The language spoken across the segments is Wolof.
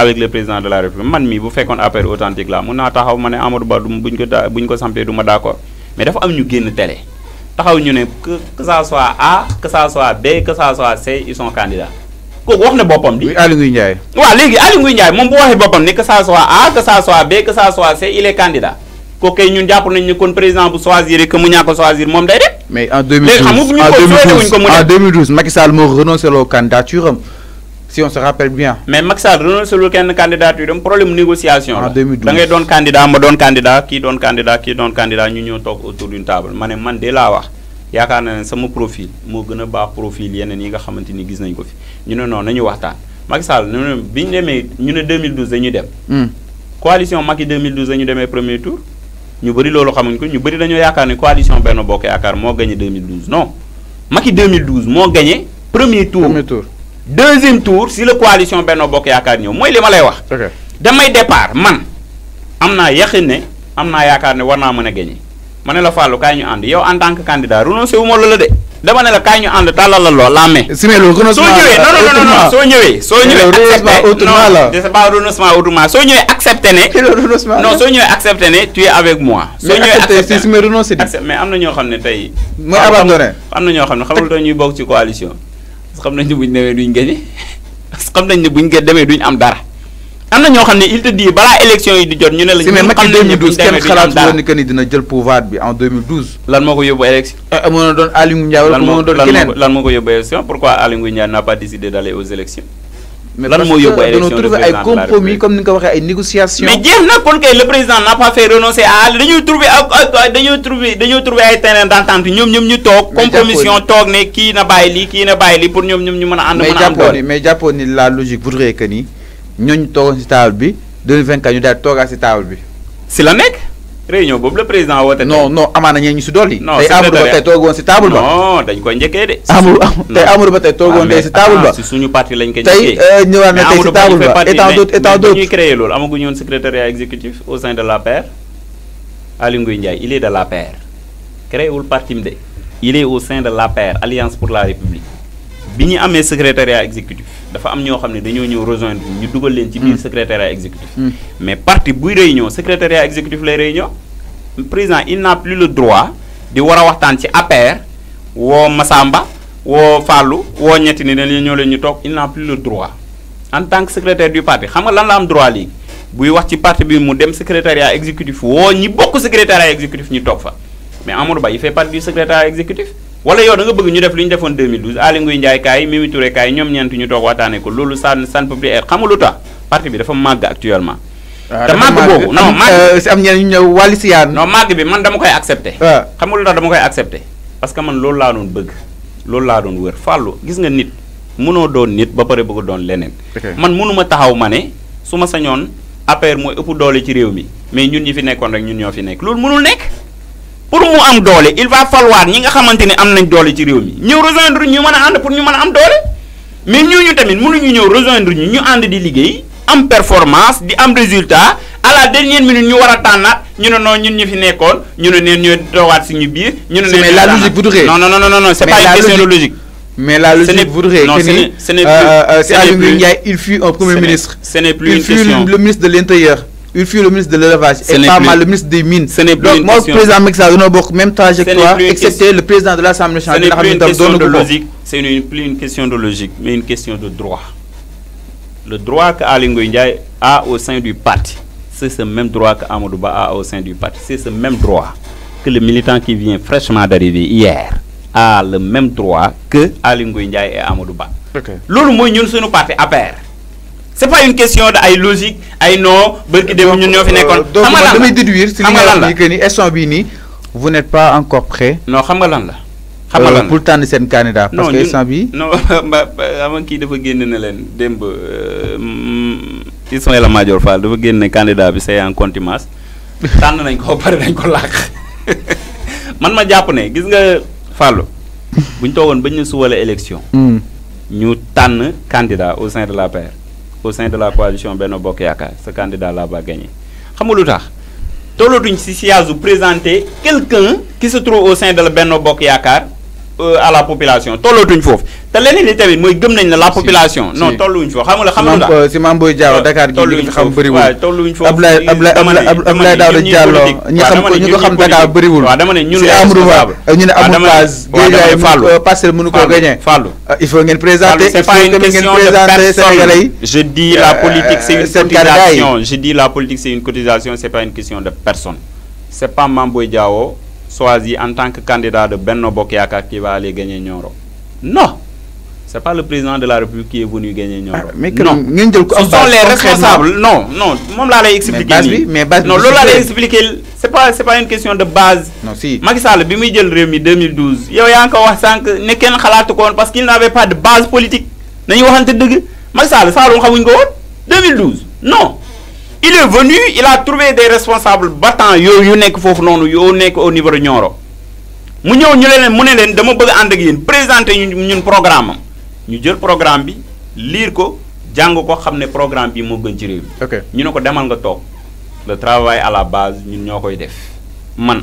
avec le président de la république man mii bu fekkoon affaire authentique la mun naa taxaw ma ne Amadou Ba du buñ ko da buñ ko sampee du d'accord mais dafa am ñu génn télé taxaw ñu ne que que ça soit A que ça soit B que ça soit C il est candidat kooku kay ñun jàpp nañ kon président bu choisir que mu ñàkk choisir moom day dem. mais en 2012 léegi xam nga moo renoncé loo si on se rappelle bien. mais Macky Sall renoncelul kenn candidature un problème négociation en 2012 da ngay doon candidat ma doon candidat qui doon candidat qui doon candidat ñu ñëw autour d'une table ma ne man de laa wax yaakaar na ne sama profil moo gën a profil yeneen yi nga xamante ni gis nañ ko fi ñu ne non, nañu waxtaan Macky Sall ñu ne ñu 2012 nous sommes. coalition Macky 2012 dañu sommes premier tour ñu bëri loolu xamuñ ko ñu bëri dañoo yaakaar ne coalition Benno Bokk Yaakaar moo gagné 2012 non Macky 2012 moo gagné premier tour premier tour deuxième tour si la coalition Benno Bokk Yaakaar ñëw moy li ma lay wax. damay départ man amna naa amna yakar ne war naa mën a gagné ma la fallu kay ñu and yow en tant que candidat renoncé wu ma la de dama ne la kay ñu and talal la lo la amee. so ñëwé non non non non soo ñëwee. soo ñëwee autrement. non c'est pas renoncement autrement soo ñëwee accepté ne. non so ñëwé accepté ne tu es avec moi. soo ñëwee accepté mais am na ñoo Mais ne tey. mooy abandonné am na ñoo xam ne xamul ñuy bokk ci coalition. xam nañ ne buñ demee duñ gagné xam nañ ne buñ demee duñ am dara am na ñoo xam ne il te dit balaa élection yi di jot ñu ne la. ñu xam nañ ne duñ kenn xalaatu ni que ni dina jël pouvoir bi en 2012. lan moo ko yóbbu élection. ah euh, euh, mënoon doon Aliou Ndiaye wala mënoon doon keneen lan moo ko yóbbu élection pourquoi Aliou Ndiaye n'a pas décidé d'aller aux élections lan moo yóbbu élection de président de la République ay compromis comme ni nga ko waxee ay négociations. mais jeex na kon kay le président n'a pas fait renoncer à dañuy trouver ak dañoo trouver dañoo trouver ay terrain d'entente ñoom ñoom ñu toog. compromission toog ne kii na bàyyi lii kii na bàyyi lii pour ñoom ñoom ñu mën a ànd. mën a am doole mais jàppoon ni la logique voudrait que ni ñooñu toogoon si table bi 2024 ñu daal toogaa si bi. si la nekk. réunion boobu la président woote. non non amaana ñee ñu si dolli. non tey Amadou Ba tey toogoon si table ba. non dañ ko njëkkee de. amul tey Amadou Ba tey toogoon tey si table ba. si suñu parti lañ ko njëkkee tey euh, ñëwaat na tey si table ba état d'autre état d'autre ñuy créé loolu amaguñu woon secrétariat exécutif au sein de l'APR Aly Ngouille Ndiaye il est de l'APR créé wul partim de il est au sein de l'APR alliance pour la république bi ñu amee secrétariat exécutif dafa am ñoo xam ne dañoo ñëw rejoindre ñu dugal leen ci biir hmm. secrétariat exécutif hmm. mais parti buy réunion secrétariat exécutif lay réunion président il n'a plus le droit di war a waxtaan ci APR woo Massamba woo Fallou woo ñetti ni dañuy ñëw leen ñu toog il n'a plus le droit en tant que du parti xam nga lan la am droit léegi buy wax ci parti bi mu dem secrétariat exécutif woo ñi bokk secrétariat exécutif ñu toog fa mais Amadou Ba il fait partie du secrétariat exécutif wala yow da bëgg ñu def li ñu defoon 2012 Aly Ngouille kaay Mimi Touré kaay ñoom ñeent ñu toog waxtaanee ko loolu ça ça ne peut plus être xam nga lu màgg actuellement. Ah, te màgg boobu non màgg euh, si am ñeneen ñu ñëw wàlli si yaan non màgg bi man dama koy accepté ah. xam nga dama koy accepté parce que man loolu laa doon bëgg loolu laa doon wër fàllu gis nga nit mënoo doon nit ba pare bëgg doon leneen man mënuma taxaw ma ne su ma sañoon APR mooy ëpp doole ci réew mi mais ñun ñi fi nekkoon rek ñun ñoo fi nekk loolu mënul nekk pour mu am doole il va falloir ñi nga xamante ne am nañ doole ci réew mi ñëw rejoindre ñu mën a ànd pour ñu mën a am doole mais ñooñu tamit mënuñu ñëw rejoindre ñu ñu ànd di liggéey am performance di am résultat à la dernière minute ñu wara a ñu ne non ñun ñi fi nekkoon ñu ne neen suñu biir. ñu ne mais la logique voudrait non non non non non c'est pas une question de logique. mais la logique voudrait que ce euh, euh, n'est plus c'est Aly Ngouille il fut un premier ministre. ce n'est plus une question il fut le ministre de l'intérieur. il fut le ministre de l'élevage et pas mal le ministre des mines. Ce n'est plus Donc, moi, président Mexa, nous avons même trajectoire, excepté le président de l'Assemblée nationale. Ce n'est plus de logique, c'est plus une question de logique, mais une question de droit le droit qu'Alingo Ndiaye a au sein du parti, c'est ce même droit qu'Amadouba a au sein du parti. C'est ce même droit que le militant qui vient fraîchement d'arriver hier a le même droit que Alingo Ndiaye et Amadouba. Okay. Lolo moy ñun à parti Ce C'est pas une question de logique, ay non, barki dem ñun ñofi Donc, donc déduire si vous êtes vous n'êtes pas encore prêt. Non, xam euh, pour la pour sen candidat. parce que instant bi non avant kii dafa génn na leen démb euh, Ismaïla Madior Fall dafa génn candidat bi c'est en contumace tan nañ ko pare nañ ko làq man ma japp ne gis nga Fallou buñ togon bañ hmm. ñu suwale élection. ñu tan candidat au sein de la paire, au sein de la coalition Benno Bokk Yakar. ce candidat là va gagner xam nga lu tax. duñ si vous présenter quelqu'un qui se trouve au sein de la Benno Bokk Yakar. Euh, à la population tollootuñ foofu te leneen li tamit mooy gëm nañ la population. non tolluwuñ foofu xam nga la xam nga la. si Mame Dakar gi li nga xam bëriwul. waaw tolluwuñ foofu Abdoulaye Abdoulaye Abdoulaye Daouda Diallo ñi xam ko ñi xam Dakar bëriwul. waaw dama ne ñun la responsable euh, ñu ne amul phase. waaw dama ne Fallou euh, Parcelles mënu koo gagné. Fallou il faut ngeen présenter. il faut ngeen présenter Sénégalais yi. je dis la politique c'est une cotisation je dis la politique c'est une cotisation c'est pas une question de personne c'est pas Mame Boye choisi en tant que candidat de Benno Bokyaka qui va aller gagner Nyoro. Non c'est pas le président de la République qui est venu gagner ah, Nyoro. non, ce sont les responsables. Non, non, je l'ai expliqué. Mais base, non, l'a C'est pas, c'est pas une question de base. Non, si. Macky Sall, bimi jël rémi 2012. il ya encore wax sank ne ken parce qu'il n'avait pas de base politique. Nañu waxante deug. Macky Sall ça, lu 2012. Non il est venu il a trouvé des responsables battants yo yu au niveau de mu Il ñu leen présenter programme ñu jël programme bi lire ko programme bi gën ci réew le travail à la base ñun ñoo koy def man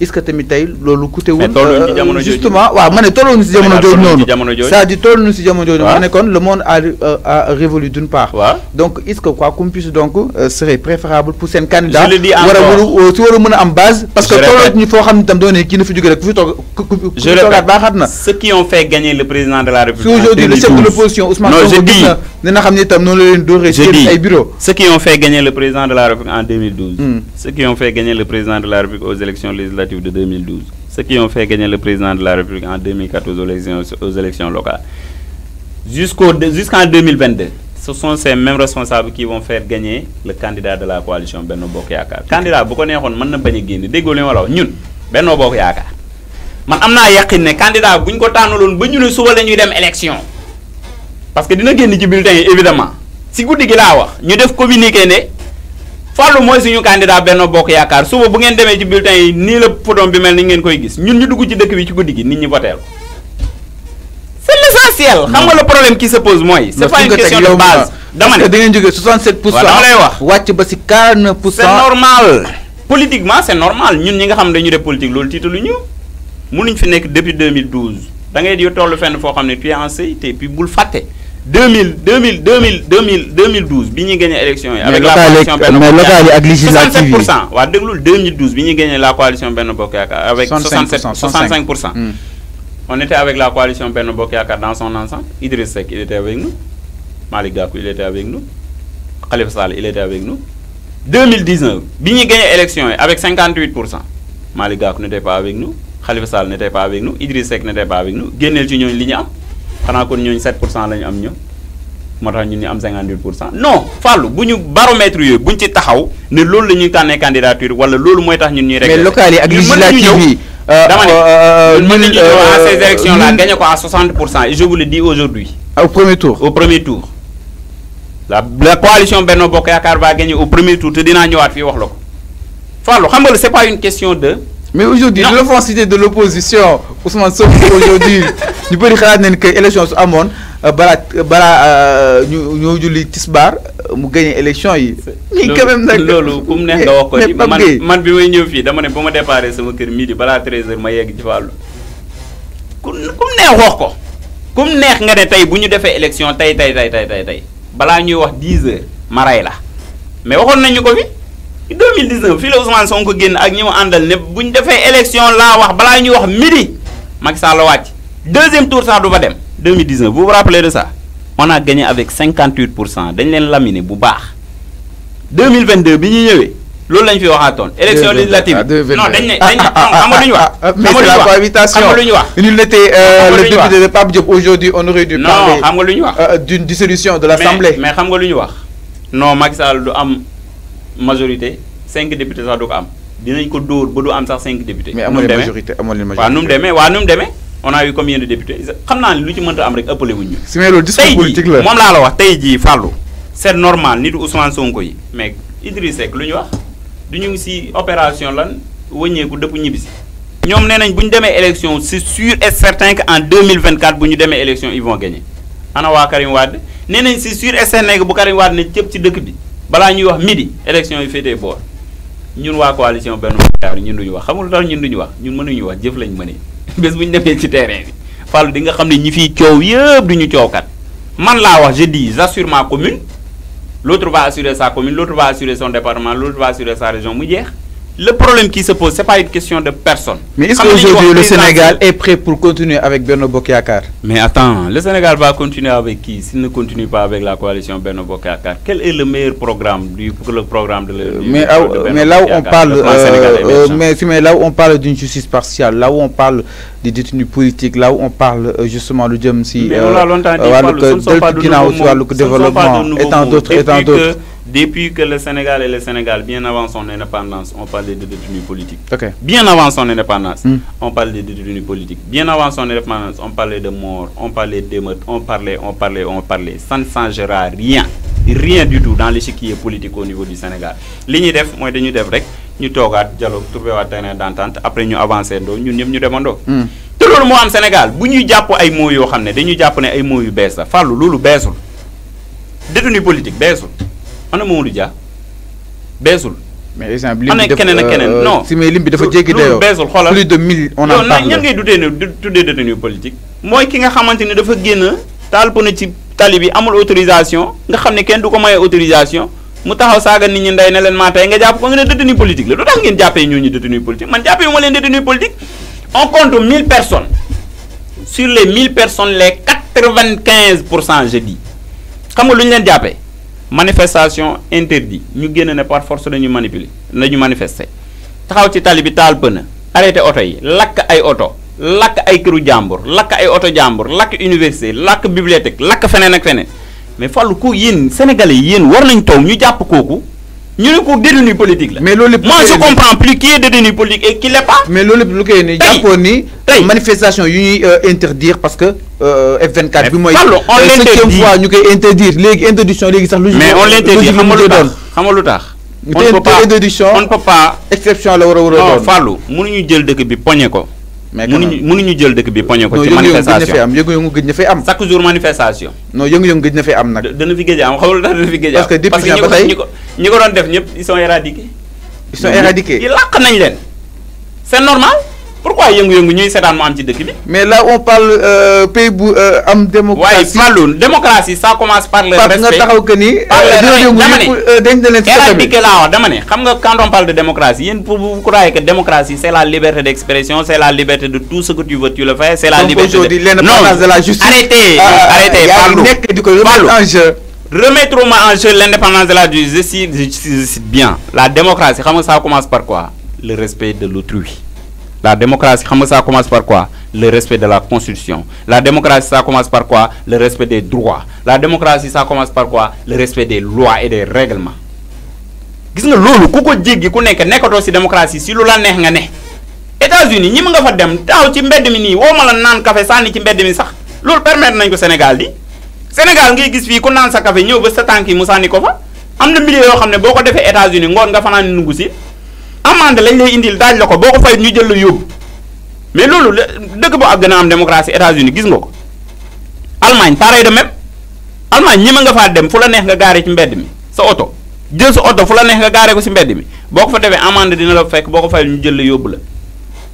est-ce que tamit tey loolu wul euh, justement wa mané ne ci jamono jooju noonu c'est-à-dire tolloon jamono ah. jooju mané kon le monde a euh, a révolu d'une part donc est-ce que quoi qu'on puisse donc euh, serait préférable pour seen candidat Je le dis si war am base parce que tolloot ni fo xamni ne tam doone ki na fi jóge rek ku fi toog ceux qui ont fait gagner le président de la République si aujourd'hui le chef de l'opposition Ousmane Sonko gis na ne na xam la leen ci ay bureau ceux qui ont fait gagner le président de la République en 2012 hmm. ceux qui ont fait gagner le président de la République aux élections législatives de 2012, ce qui ont fait gagner le président de la République en 2014 aux élections, aux élections locales. Jusqu'en 2022, ce sont ces mêmes responsables qui vont faire gagner le candidat de la coalition Benno Bokk candidat bu ko neexoon mën na pas a génn déggoo li la ñun Benno Bokk Yaakaar man le naa candidat bu ñu ko tànnaloon ba ñu ne suba la élection parce que dina génn ci bulletin évidemment si vous gi la wax ñu def communiqué ne fallu mooy suñu candidat Benno Bokk Yaakaar suba bu ngeen demee ci bulletin yi nii la photom bi mel ni ngeen koy gis ñun ñu dugg ci dëkk bi ci guddi gi nit ñi voteel ko c'est l'essentiel xam nga le problème qui se pose moy c'est pas une question de base dama ne da ngeen jógee 67 wacc ba si 49 c'est normal politiquement c'est normal ñun ñi nga xam dañu def politique loolu tiitalu ñu mënuñ fi nekk depuis 2012 da ngay di toll fenn foo xam ne tu es en CIT puis bul fàtte 2000 2000 2000 2000 2012 bi gagne gagné élection avec la coalition mais 67 2012 bi gagne la coalition Benno bokk avec 67 65 hmm. on était avec la coalition Benno bokk dans son ensemble Idriss Seck il était avec nous Malik Gakou il était avec nous Khalif Sal, il était avec nous. 2019 bi gagne gagné élection avec 58 Malik n'était pas avec nous Khalif Sal n'était pas avec nous Idriss Seck n'était pas avec nous génneel ci gagné li ñu xanaa kon ñooñu 7 pour cent la ñu am ñoom moo tax ñu ni am 58 pour cent non Fallou bu ñu baromètre yooyu bu ñu ci taxaw ne loolu la ñuy tànnee candidature wala loolu mooy tax ñun ñuy. rek mais local yi ak législatives yi euh, dama ne euh, euh, mën nañu ñëw à ces élections là gagné ko à 60 pour cent et je vous le dis aujourd'hui au premier tour au premier tour. la la coalition Benno Bokk Yaakaar va gagner au premier tour te dinaa ñëwaat fii wax la ko xam nga c'est pas une question de mais aujourd'hui l'offensité de l'opposition Ousmane Sonko aujourd'hui ñu bëri xalaat nañ que élection su amoon euh, balaa balaa euh, ñu ñoo julli tisbar euh, mu gagner élection yi. mais quand même nak lolu ku mu neex nga wax ko man man bi may ñëw fi dama ne ba ma déparé sama kër midi bala 13h ma yegg ci wàllu ku mu neex wax ko ku mu neex nga ne tay bu ñu defee élection tay tay tay tay tay bala ñuy wax 10h ma la mais waxon nañu ko fi. 2019 fii Ousmane Sonko guen ak ñi andal ne buñ défé élection la wax bala ñu wax midi Macky Sall wàcc deuxième tour ça du ba dem 2019 vous vous rappelez de ça on a gagné avec 58 dañ leen laminé bu baax 2022 bi ñuy ñëwee loolu lañ fi waxaatoon. élection législative ah, non dañ né dañ ah, ah, am nga wax. mais c'est la cohabitation xam nga wax. Euh, ñu n'était le député de Pape Diop aujourd'hui on aurait dû. parler non xam nga wax. Euh, d'une dissolution de l'Assemblée. mais mais xam nga lu wax non Macky Sall du am majorité cinq députés sax du ko am dinañ ko door bu do am sax cinq députés. mais amoo majorité amoo leen majorité wa num démé demee waaw nu on a eu combien de députés xam lu ci mënta am rek ëppalé wuñ ñu. mais loolu discours politique la mom la la wax tay ji fallu c'est normal nit Ousmane Sonko yi mais Idriss Seck lu ñu wax du ñu ngi opération lan wëñé ko depp si. ñoom nee nañ bu ñu élection c'est sûr et certain que en 2024 buñu démé élection ils vont gagner ana wa Karim Wade nee c'est sûr et certain que bu Karim Wade ne cëpp ci dëkk bi bala ñuy wax midi élection yi fété ñun wa coalition Nous yaakaar ñun duñu wax xamul duñu wax ñun mënuñu wax jëf ci terrain di nga ñi man dis j'assure ma commune l'autre va assurer sa commune l'autre va assurer son département l'autre va assurer sa région mu le problème qui se pose, ce n'est pas une question de personne. Mais est-ce qu'aujourd'hui, le Sénégal est prêt pour continuer avec Bernard Bokyakar Mais attends, le Sénégal va continuer avec qui S'il ne continue pas avec la coalition Bernard Bokyakar, quel est le meilleur programme du, le programme de, du, euh, euh, mais, mais, là où on parle, d'une justice partielle, là où on parle des détenus politiques, là où on parle euh, justement de Djemsi, euh, le, développement, et d'autres, et d'autres depuis que le Sénégal et le Sénégal, bien avant son indépendance, hmm. on parlait de détenus politiques. Bien avant son indépendance, on parlait de détenus politiques. Bien avant son indépendance, on parlait de mort on parlait d'émeutes, on parlait, on parlait, on parlait. Ça ne changera rien. Rien du tout dans l'échiquier politique au niveau du Sénégal. Ligne def, moi de nous def rek, nous togat, dialogue, trouver un terrain d'entente, après nous avancer, nous nous nous demandons. Hmm. Tout le monde au Sénégal, si nous avons des mots, nous avons des mots qui sont baissés. que loulou, Détenus politiques, baissés ana Mamadou Dia bezul mais exemple limbi bi keneen ak euh, non si mais lim dafa jéggi dayoo beesul xoolal plus de 1000 on en parle ñan ngay né ne tuddee détenu politique. moy ki nga xamanteni dafa génn talpone ci talibi amul autorisation nga xamné ne kenn du maye autorisation mu taxaw saga nit ñi ndey ne leen ma tay nga japp ko nga ne détenu politique la lu tax ngeen jappé jàppee ñooñu détenu politique man jappé jàppee ma leen détenu politique on compte 1000 personnes sur les 1000 personnes les 95% je dis xam nga lu ñu leen jàppee manifestation interdit ñu génn ne par force dañu manipuler nous manifester taxaw ci tali bi taal arrêté oto yi lakk ay oto lakk ay këru jàmbur lakk ay oto jàmbur lakk université lakk bibliothèque lakk ak mais ku sénégalais yéen war nañ ñu ñu ne ko détenu politique la. mais loolu lépp moi je comprends plus qui est détenu politique et qui l'est pas. mais loolu lépp lu koy ni jàppoon ni. manifestation yu ñuy euh, interdire parce que euh, F24 bi mooy. on euh, l'interdit septième fois ñu koy interdire léegi interdiction léegi sax. mais on l'interdit xam nga lu tax on ne peut pas on ne peut pas. exception la l'euro. a war a doon. non Fallou mënuñu jël dëkk bi poñe ko. mais mënuñu mënuñu jël dëkk bi poñe ko. ci manifestation non yëngu-yëngu gëj na fay am yëngu-yëngu gëj na fay am. chaque jour manifestation. non yëngu-yëngu gëj na fay am nag. dana fi gëj a am xamul dana fi gëj am. parce que depuis ña ñi ko ñi ko def ñëpp ils sont éradiqués. ils sont éradiqués. nañ leen c'est normal pourquoi yëngu yengu ñuy c'est mo am ci dëkk bi. mais là on parle euh, pays bu euh, am. démocratie Oui, démocratie ça commence par le respect nga taxaw que ni. Euh, dañ euh, ci que là, dama xam nga quand on parle de démocratie pour vous croyez que démocratie c'est la liberté d'expression, c'est la liberté de tout ce que tu veux tu le fais c'est la. liberté de non arrêtez arrêtez Fallou nekk ko remettre en jeu. remettre jeu de la justice euh, je cite bien la démocratie xam ça commence par quoi le respect de l'autrui. La démocratie, ça commence par quoi Le respect de la Constitution. La démocratie, ça commence par quoi Le respect des droits. La démocratie, ça commence par quoi Le respect des lois et des règlements. gis nga lolu ku ko jéggi ku nek nekato ci démocratie si lu la neex nga ne États-Unis ñi nga fa dem taw ci mbedd mi nii woo ma la naan café sànni ci mbedd mi sax lolu permettre nañ ko Sénégal di Sénégal ngay gis fi ku nan sa café ñëw ba sa tànk yi mu ko fa amna na milieu yoo xam ne boo États-Unis ngor nga nan nungu si amande lañ lay indil daaj la ko boo ko fay ñu jël la yóbbu mais loolu dëkk boo ak gën a am démocratie États-Unis gis nga ko Allemagne pareil de même Allemagne ñi ma nga faa dem fu la neex nga gaare ci mbedd mi sa oto jël sa oto fu la neex nga gaare ko si mbedd mi boo ko fa defee amande dina la fekk boo ko fay ñu jël la yóbbu la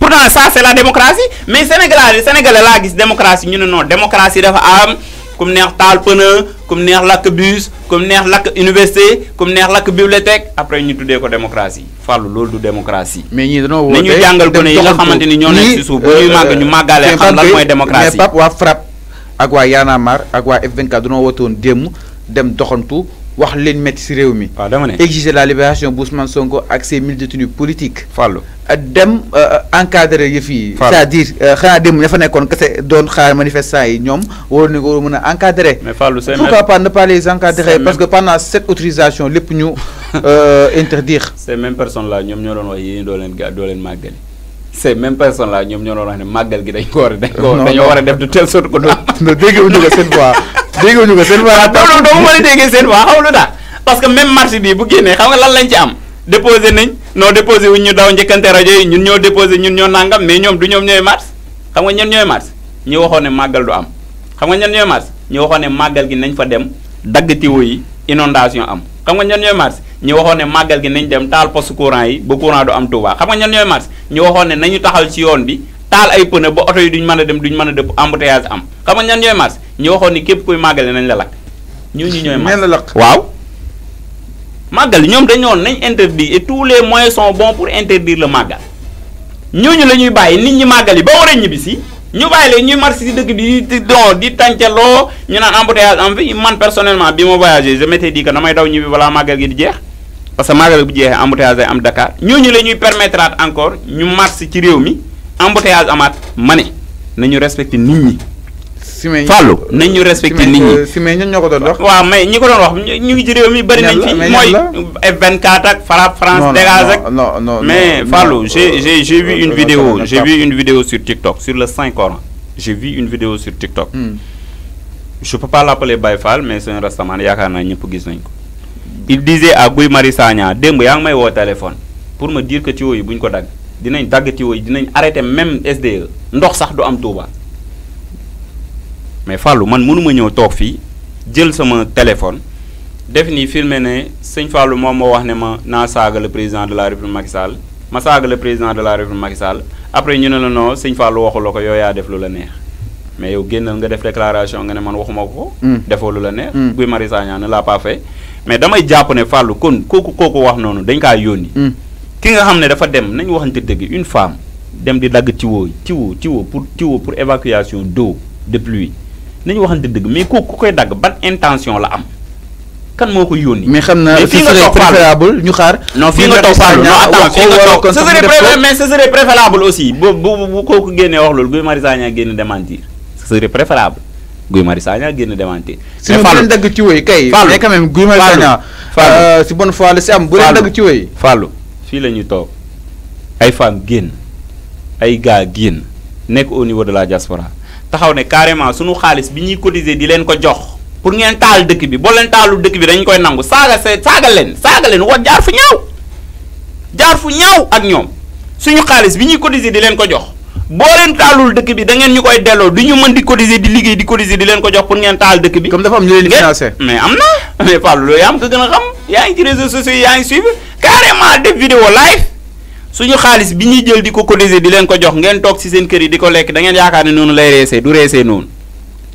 pourtant ça c'est la démocratie mais Sénégalais Sénégalais laa gis démocratie ñu ne non démocratie dafa am kum neex taal pneu kum lakk bus kum neex lakk université kum neex lakk bibliothèque après ñu tuddee ko démocratie. fàllu loolu du démocratie. mais ñii dañoo woote nañu jàngal ko ne yi nga xamante ni ñoo nekk si suuf bu ñuy màgg ñu euh, màggalee mais FRAPP ak waa Y a marre ak waa F24 dañoo woote woon démb dem doxantu wax leen métti si réew mi. waaw dama ne exiger la libération bu Ousmane Sonko ak ses mille détenus politiques fàllu dem euh, encadrer yëf yi. c'est-à-dire euh, xana dem ñafa nekkon nekkoon doon xaar manifestants yi ñoom waroon nañu ko mëna encadrer mais fallu c'est pourquoi pas ne pas les encadrer parce que pendant cette autorisation lepp ñu euh interdire. ces mêmes personnes là ñom ñoo doon wax yi doo leen ga doo leen màggali. ces mêmes personnes là ñom ñoo doon wax ne màggal gi dañ ko war a dañ ko dañoo war def de telle sorte que. non déggewuñu ko seen voix déggewuñu ko seen voix. non non doo ma mën a seen voix xaw ma lu tax parce que même marché bi bu guéné xam nga lan lañ ci am. déposé nañ noo déposé wuñ ñu daw njëkkante rajo yi ñun ñoo déposé ñun ñoo nangam mais ñoom du ñoom ñooy mars xam nga ñen ñooy mars ñu waxoon ne màggal du am xam nga ñen ñooy mars ñu waxoon ne màggal gi nañ fa dem dagg tiwo yi inondation am xam nga ñen ñooy ñu waxoon ne màggal gi nañ dem taal poste courant yi ba courant du am Touba xam nga ñen ñooy mars ñu waxoon ne nañu taxal ci yoon bi taal ay pneu ba oto yi duñ mën a dem duñ mën a dëpp embouteillage am xam nga ñen ñooy mars ñu waxoon ni képp kuy màggale nañ la lakk ñooñu ñooy mars waaw magal ñoom dañoon nañ interdit et tous les moyens sont bons pour interdire le magal ñooñu lañuy ñuy nit ñi magal yi ba war ñibi ñibbi si ñu bàyyi leen ñuy marché si dëkk bi di don di lo ñu na embouteillage am fi man personnellement bi mo voyager je m'étais dit que damay daw ñibi wala magal gi di jeex parce que magal bu jeexee embouteillage am Dakar ñooñu lañuy ñuy permettre encore ñu marché ci réew mi embouteillage amat mané nañu respecter nit ñi. Fallu, Fallou nañ ñu respecté nit ñi Simei ñoo ko doon wax. waaw mais ñi ko doon wax ñu ngi ci réew mi bari nañ fi moy F24 ak France dégage ak. mais fallu. j'ai j'ai j'ai vu une vidéo j'ai vu une vidéo sur TikTok sur le Saint Coran j'ai vu une vidéo sur TikTok. Hmm. je peux pas l'appeler Baye Fall mais c'est un rastaman yaakaar naa ñëpp gis nañ ko. il disait à Guy Marius Sagna demb yaa may téléphone pour me dire que tuyaux yi buñ ñu ko dagg dinañ dag tuyaux yi dinañ arrêter même SDE ndox sax du am Touba. mais Fallou man mënuma ñëw toog fii jël sama téléphone def nii filmé ne sëñ Fallou moom moo wax ne ma naa saaga la président de la république Macky Sall ma saaga la président de la république Macky Sall après ñu ne la non sëñ Fallou waxu la ko yow yaa def lu la neex mais yow génnal nga def déclaration nga ne man waxuma ko. Hmm. defoo la neex. Hmm. Guy Marius Sagna l'a pas mais damay jàpp ne Fallou kon kooku kooku wax noonu dañ kaa yónni. Hmm. ki nga xam ne dafa dem nañu waxante dëgg une femme dem di dagg tiwo tiwo tiwo pour tiwo pour évacuation d'eau de pluie. nañu waxante dëgg mais kooku ku koy dagg ban intention la am. kan moo ko yónni. mais xam naa ce ñu xaar. non fii nga toog Fallou non attends fii nga toog ce serait préférable mais ce bu bu bu kooku génnee wax loolu Guy Marius Sagna génn démentir ce serait préférable Guy Marius Sagna génn démentir. mais Fallou dagg ci wéy kay. Fallou mais euh, si bonne foi la am. bu leen dagg ci wéy. fii la ñuy toog ay femmes génn ay gars génn nekk au niveau de la diaspora. taxaw ne carrément suñu xaalis bi ñuy cotiser di leen ko jox pour ngeen taal dëkk bi boo leen taalu dëkk bi dañ koy nangu saaga see saaga leen saaga leen wax jaar fu ñaaw jaar fu ñaaw ak ñoom suñu xaalis bi ñuy cotiser di leen ko jox boo leen taalul dëkk bi da ngeen ñu koy delloo du ñu mën di cotiser di liggéey di cotiser di leen ko jox pour ngeen taal dëkk bi. comme dafa am ñu leen financé mais am na mais loolu yaa am ko gën a xam yaa ngi ci réseaux sociaux yaa ngi suivre carrément def vidéo live suñu xaalis bi ñuy jël di ko cotiser di leen ko jox ngeen toog ci seen kër yi di ko lekk dangeen ngeen yaakaar ne noonu lay reesee du reesee noonu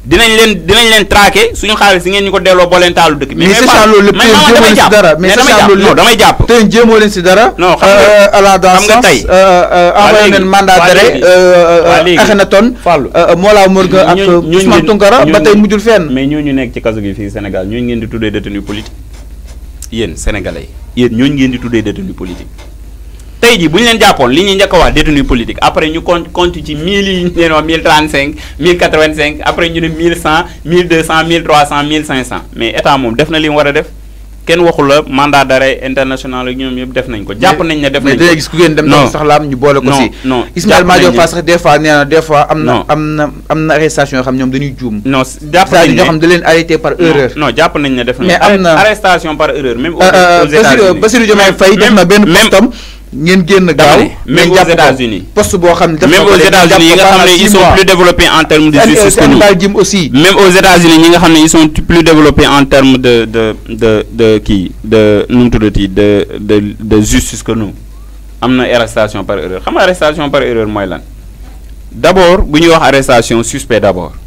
dinañ leen dinañ leen traqué suñu xaalis di ngeen ñu ko delloo boo leen taalu dëkk. mais c'est ça loolu lépp tey jéemoo leen ci dara mais c'est ça loolu damay jàpp tey jéemoo leen ci dara. non xam nga ala euh, dans xam nga tey. Euh, euh, envoyé leen mandat d'arrêt Akhenaton Fallou Mollah Morgun ak Ousmane Tounkara ba tey mujjul fenn. mais ñooñu nekk ci kaso gi fii Sénégal ñooñu ngeen di tuddee détenu politique yéen sénégalais yéen ñooñu ngeen di tuddee détenu politique tay jii buñ ñu leen jàppoon li ñuy njëkk a wax détenu politique après ñu compte compte ci mille yi ñu wax mille trente cinq mille quatre vingt cinq après ñu ne mille cent mille deux cent mille trois cent mille cinq cent mais état moom def na li mu war a def kenn waxu la mandat d'arrêt international ak ñoom yëpp def nañ ko. jàpp nañ ne def nañ ko mais dangay gis ku ngeen dem. sax laam ñu boole ko si. non non Ismaïla Madior Fall sax des fois nee na des fois am na. am na am na arrestation yoo xam ñoom dañuy juum. non jàpp nañ ne ñoo xam da leen arrêté par erreur. non jàpp nañ ne def nañ. mais am na arrestation par erreur. même euh, euh, aux États-Unis Basirou Diomaye Faye def na benn postam génn gaaw même aux États-Unis poste bo même aux États-Unis yi nga ils sont plus développés en termes de justice que nous même aux États-Unis yi nga ils sont plus développés en termes de de de de qui de nu mu de de de justice que nous amna arrestation par erreur xam nga arrestation par erreur moy lan d'abord, buñu wax arrestation suspect d'abord.